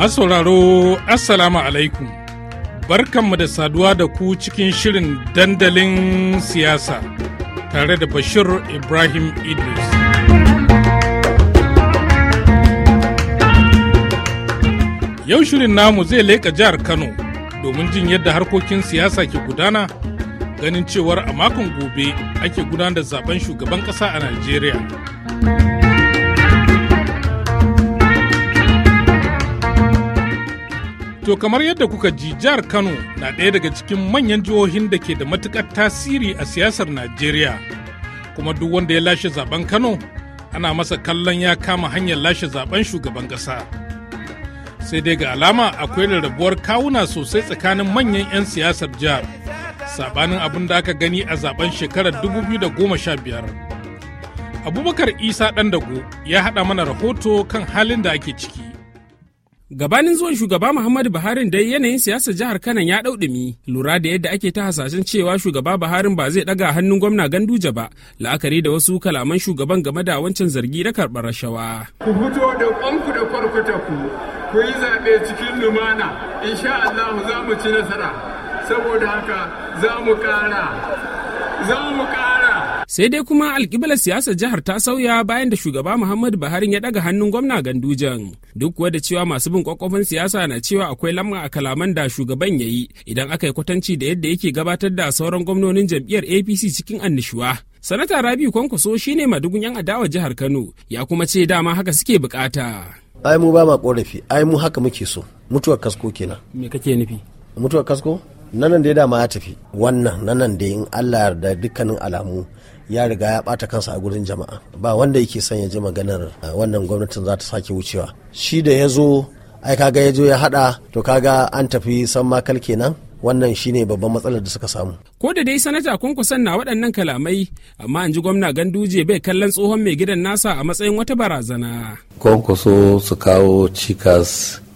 Masauraro, Assalamu alaikum. Barkanmu da saduwa da ku cikin shirin dandalin siyasa tare da Bashir Ibrahim Idris. Yau shirin namu zai leƙa jihar Kano domin jin yadda harkokin siyasa ke gudana ganin cewar a makon gobe ake gudanar da zaben shugaban ƙasa a Najeriya. To kamar yadda kuka ji jihar Kano na ɗaya daga cikin manyan jihohin da ke da matuƙar tasiri a siyasar Najeriya. Kuma duk wanda ya lashe zaben Kano ana masa kallon ya kama hanyar lashe zaben shugaban ƙasa. Sai dai ga alama akwai rarrabuwar kawuna sosai tsakanin manyan 'yan siyasar jihar. Sabanin abin da aka gani a zaben shekarar 2015. Abubakar Isa Ɗandago ya haɗa mana rahoto kan halin da ake ciki. gabanin zuwan shugaba muhammadu buhari dai yanayin siyasar jihar kanon ya ɗau ɗumi lura da yadda ake ta hasashen cewa shugaba buhari ba zai daga hannun gwamna ganduje ba la'akari da wasu kalaman shugaban game da wancan zargi na karbar rashawa ku fito da ƙwanku da kwarkwata ku ku yi zaɓe cikin lumana insha allah za mu ci nasara saboda haka za mu ƙara za mu ƙara sai dai kuma alkiblar siyasar jihar ta sauya bayan da shugaba muhammadu buhari ya daga hannun gwamna gandujan duk kuwa da cewa masu bin kwakwafin siyasa na cewa akwai lamma a kalaman da shugaban ya yi idan aka yi kwatanci da yadda yake gabatar da sauran gwamnonin jam'iyyar apc cikin annishuwa sanata rabi'u kwankwaso shine madugun yan adawa jihar kano ya kuma ce dama haka suke bukata ai mu ba ma korafi ai mu haka muke so mutuwar kasko kenan me kake nufi mutuwar kasko nanan da ya dama ya tafi wannan nan da in Allah da dukkanin alamu ya riga ya bata kansa a gurin jama'a ba wanda yake son ya ji maganar wannan gwamnatin za ta sake wucewa shi da ya zo ai kaga ya zo ya hada to kaga an tafi san makal kenan wannan shine babban matsalar da suka samu. Ko da dai sanata kunkusan na waɗannan kalamai amma an ji gwamna ganduje bai kallon tsohon mai gidan nasa a matsayin wata barazana. Kwankwaso su kawo cikas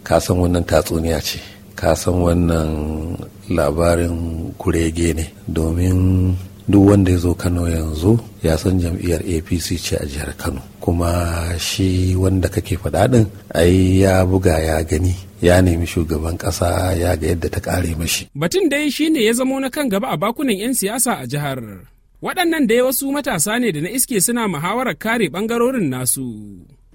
kasan wannan tatsuniya ce. kasan wannan labarin kurege ne domin duk wanda ya zo kano yanzu ya san jam'iyyar apc ce a jihar kano kuma shi wanda kake faɗa ɗin ai ya buga ya gani ya nemi shugaban ƙasa ya ga yadda ta ƙare mashi batun dai shine ya zamo na kan gaba a bakunan 'yan siyasa a jihar waɗannan dai wasu matasa ne da na iske suna muhawarar kare ɓangarorin nasu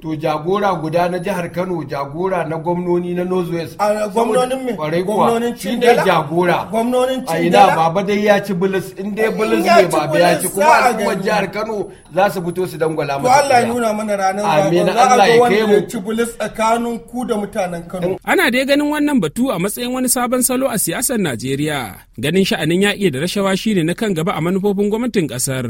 to jagora guda na jihar Kano jagora na gwamnoni na North-West. A gwamnonin me kwarai kuwa shi jagora gwamnonin a ina baba dai ya ci bilis in dai eh, bilis ne baba ya ci kuma al'ummar jihar Kano za su fito su dangwala mana to Allah ya nuna mana ranar amin Allah ya kai mu ci bilis tsakanin ku da mutanen Kano ana dai ganin wannan batu a matsayin wani sabon salo a siyasar Najeriya ganin sha'anin yaƙi da rashawa shine na kan gaba a manufofin gwamnatin ƙasar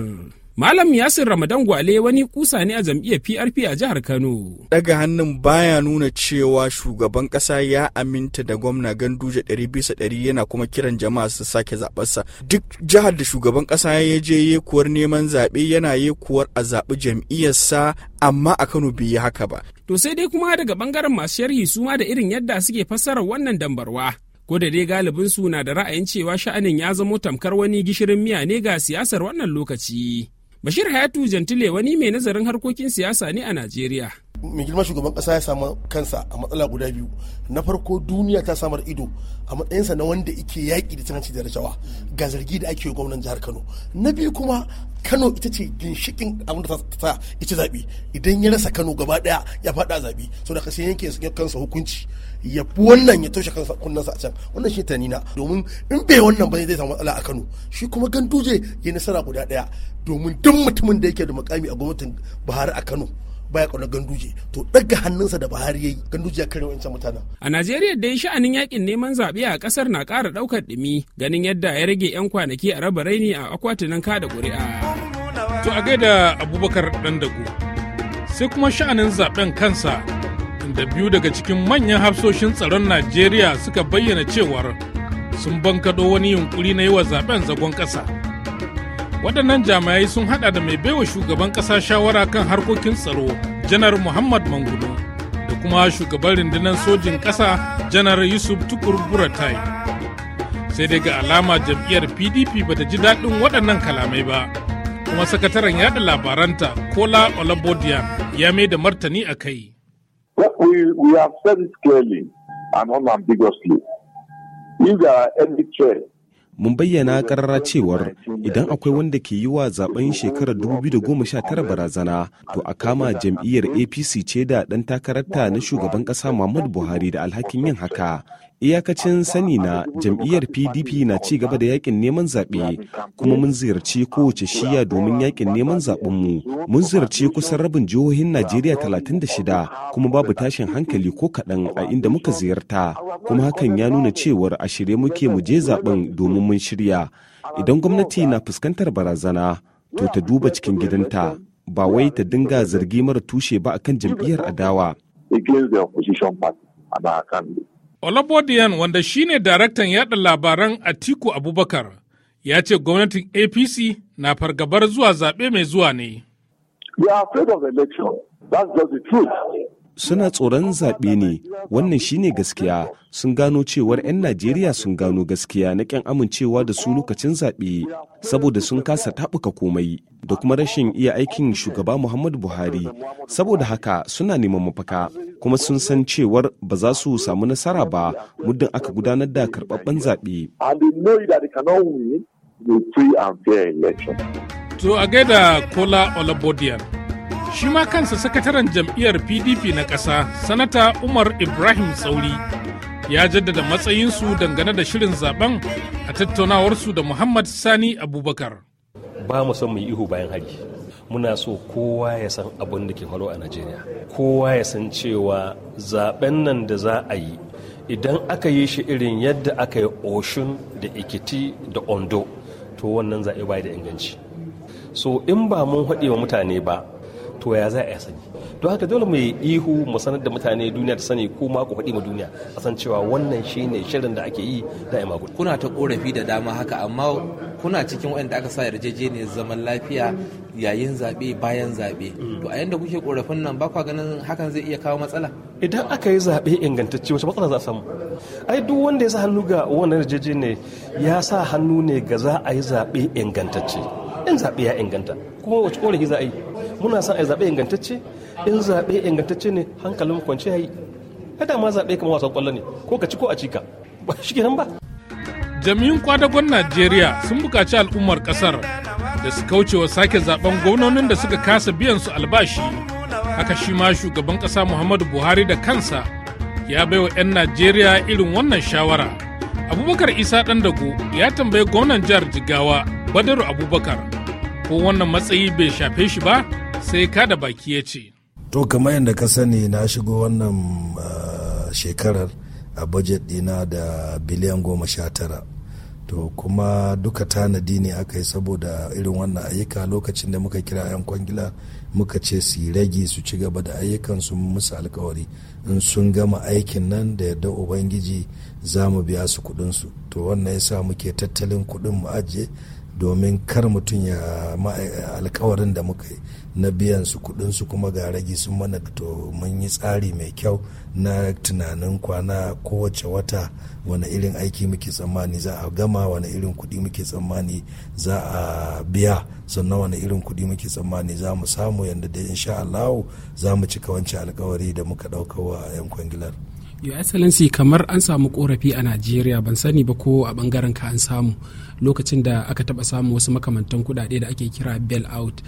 Malam Yasir Ramadan Gwale wani kusa ne a jam'iyyar PRP a jihar Kano. Daga hannun baya nuna cewa shugaban kasa ya aminta da gwamna Ganduje ɗari bisa ɗari yana kuma kiran jama'a su sake zabarsa Duk jihar da shugaban kasa ya je kuwar neman zaɓe yana yekuwar a zaɓi jam'iyyarsa amma a Kano bai yi haka ba. To sai dai kuma daga bangaren masu sharhi su ma da irin yadda suke fassarar wannan dambarwa. ko da dai galibin su na da ra'ayin cewa sha'anin ya zamo tamkar wani gishirin miya ne ga siyasar wannan lokaci Bashir Hayatu Jantile wani mai nazarin harkokin siyasa ne a Najeriya. mai girma shugaban kasa ya samu kansa a matsala guda biyu na farko duniya ta samar ido a matsayinsa na wanda ike yaƙi da cin da rashawa ga zargi da ake yi gwamnan jihar kano na biyu kuma kano ita ce ginshikin abin da ta ita zaɓe idan ya rasa kano gaba ɗaya ya faɗa zaɓe so da kasa yanke kansa hukunci ya fi wannan ya toshe kansa kunnansa a can wannan shi tanina domin in bai wannan ba zai samu matsala a kano shi kuma ganduje ya nasara guda ɗaya domin duk mutumin da yake da mukami a gwamnatin buhari a kano baya kauna ganduje to daga hannunsa da buhari yayi ganduje ya kare wancan mutanen a najeriya dai sha'anin yakin neman zaɓe a ƙasar na ƙara ɗaukar ɗumi ganin yadda ya rage 'yan kwanaki a raba raini a akwatinan kada kuri'a. to a gaida abubakar ɗan dago sai kuma sha'anin zaɓen kansa da biyu daga cikin manyan hafsoshin tsaron najeriya suka bayyana cewar sun bankaɗo wani yunkuri na yi wa zaɓen zagon ƙasa waɗannan jami'ai sun haɗa da mai baiwa shugaban ƙasa shawara kan harkokin tsaro janar muhammad mangudu da kuma shugaban rundunar sojin ƙasa janar yusuf tukur buratai sai dai ga alama jam'iyyar pdp ba ta ji daɗin waɗannan kalamai ba kuma sakataren yada labaranta kola olabodiyan ya mai da martani a kai We have said it clearly and unambiguously. If there are any threats mun bayyana karara cewar idan akwai wanda ke yi wa zaben shekarar 2019 barazana to a kama jam'iyyar apc ce da ɗan takararta na shugaban ƙasa muhammadu buhari da alhakin yin haka Iyakacin sani na jam'iyyar PDP na ci gaba da yakin neman zaɓe kuma mun ziyarci kowace shiya domin yakin neman zaɓenmu. Mun ziyarci kusan rabin jihohin Najeriya 36 kuma babu tashin hankali ko kaɗan a inda muka ziyarta kuma hakan ya nuna cewar a shirye muke mu je zaɓen domin mun shirya. Idan gwamnati na fuskantar barazana to ta duba cikin gidanta ba wai ta dinga zargi mara tushe ba akan jam'iyyar adawa. Olabodiyan wanda shine daraktan yada labaran Atiku Abubakar ya ce gwamnatin APC na fargabar zuwa zaɓe mai zuwa ne. We are afraid of election. That's just the truth. suna tsoron zaɓe ne wannan shine gaskiya sun gano cewar 'yan najeriya sun gano gaskiya na ƙyan amincewa da su lokacin zaɓe saboda sun kasa taɓuka komai da kuma rashin iya aikin shugaba muhammadu buhari saboda haka suna neman mafaka kuma sun san cewar ba za su samu nasara ba muddin aka gudanar da karɓaɓɓen zaɓe To a gaida Kola Olabodiyar, shi ma kansa sakataren jam'iyyar pdp na ƙasa sanata umar ibrahim Sauri ya jaddada matsayinsu dangane da shirin zaben a tattaunawarsu da muhammad sani abubakar ba mu son mu yi ihu bayan hari muna so kowa ya san abin da ke faru a najeriya kowa ya san cewa zaben nan da za a yi idan aka yi shi irin yadda aka yi oshun da ikiti da ondo to wannan zaɓe baya da inganci so in ba mun haɗe wa mutane ba to ya za a sani don haka dole mai ihu mu sanar da mutane duniya ta sani ko ma ku faɗi ma duniya a san cewa wannan shine shirin da ake yi da ima gudu kuna ta korafi da dama haka amma kuna cikin wanda aka sa yarjejeniyar zaman lafiya yayin zaɓe bayan zaɓe to a yanda kuke korafin nan ba kwa ganin hakan zai iya kawo matsala idan aka yi zaɓe ingantacce wace matsala za a samu ai duk wanda ya sa hannu ga wannan yarjejeniyar ya sa hannu ne ga za a yi zabe ingantacce in zaɓe ya inganta kuma wace ƙorafi za a yi muna son a yi zaɓe ingantacce in zaɓe ingantacce ne hankalin kwanci ya yi kada ma zaɓe kamar wasan ƙwallo ne ko ka ci ko a ka ba shi kenan ba jami'in kwadagon najeriya sun buƙaci al'ummar ƙasar da su kaucewa sake zaben gwamnonin da suka kasa biyan su albashi haka shi ma shugaban ƙasa muhammadu buhari da kansa ya baiwa 'yan najeriya irin wannan shawara abubakar isa ɗan dago ya tambayi gwamnan jihar jigawa badaru abubakar ko wannan matsayi bai shafe shi ba sai kada baki ya ce to kamar yadda ka sani na shigo wannan uh, shekarar a bajet dina da biliyan goma sha tara to kuma duka tanadi ne aka yi saboda irin wannan ayyuka lokacin da muka kira 'yan kwangila muka ce su rage su ci gaba da ayyukan su musu alkawari in sun gama aikin nan da yadda ubangiji za mu biya su kudinsu to wannan ya sa muke tattalin kudin mu ajiye domin kar mutum ya eh, alkawarin da muka yi na biyan su kudin su kuma ga ragi sun mana to mun yi tsari mai kyau na tunanin kwana kowace wata wani irin aiki muke tsammani za a gama wani irin kudi muke tsammani za a biya sannan wani irin kudi muke tsammani za mu samu yadda da insha Allah za mu cika wancan alkawari da muka ɗauka wa 'yan kwangilar. Your Excellency kamar an samu korafi a Najeriya ban sani ba ko a bangaren ka an samu lokacin da aka taba samu wasu makamantan kudade da ake kira bail out.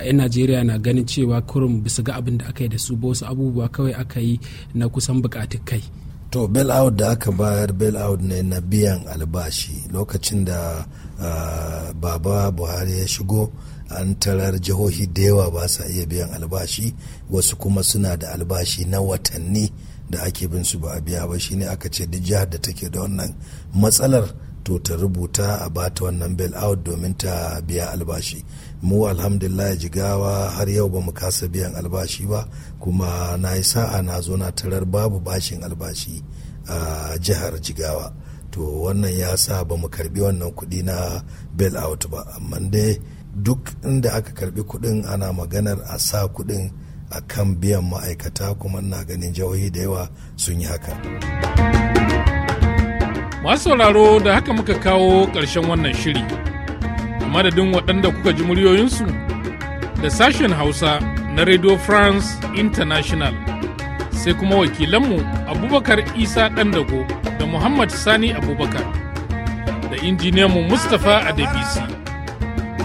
Yan ah, Najeriya na ganin cewa kurum bisa ga abin da aka yi da su ba wasu abubuwa kawai aka yi na kusan bukatu kai. To bail out da aka bayar bail out ne na biyan albashi lokacin da ah, baba Buhari ya shigo an tarar jihohi da yawa ba sa iya biyan albashi wasu kuma suna da albashi na watanni da ake bin su ba a biya ba shine aka ce duk jihar da take da wannan matsalar to ta rubuta a bata wannan bail out domin ta biya albashi mu alhamdulillah jigawa har yau ba mu kasa biyan albashi ba kuma na yi sa'a na zo na tarar babu bashin albashi a jihar jigawa to wannan ya sa ba mu karbi wannan kuɗi na bail out ba amma dai duk inda aka karbi kuɗin ana maganar a sa kuɗin a kan biyan ma'aikata kuma na ganin jihohi da yawa sun yi haka. Masu sauraro da haka muka kawo ƙarshen wannan shiri, madadin waɗanda kuka ji muryoyinsu da sashen Hausa na Radio France International sai kuma wakilanmu Abubakar Isa Ɗandago da Muhammad Sani Abubakar da injiniyanmu Mustapha Adebisi.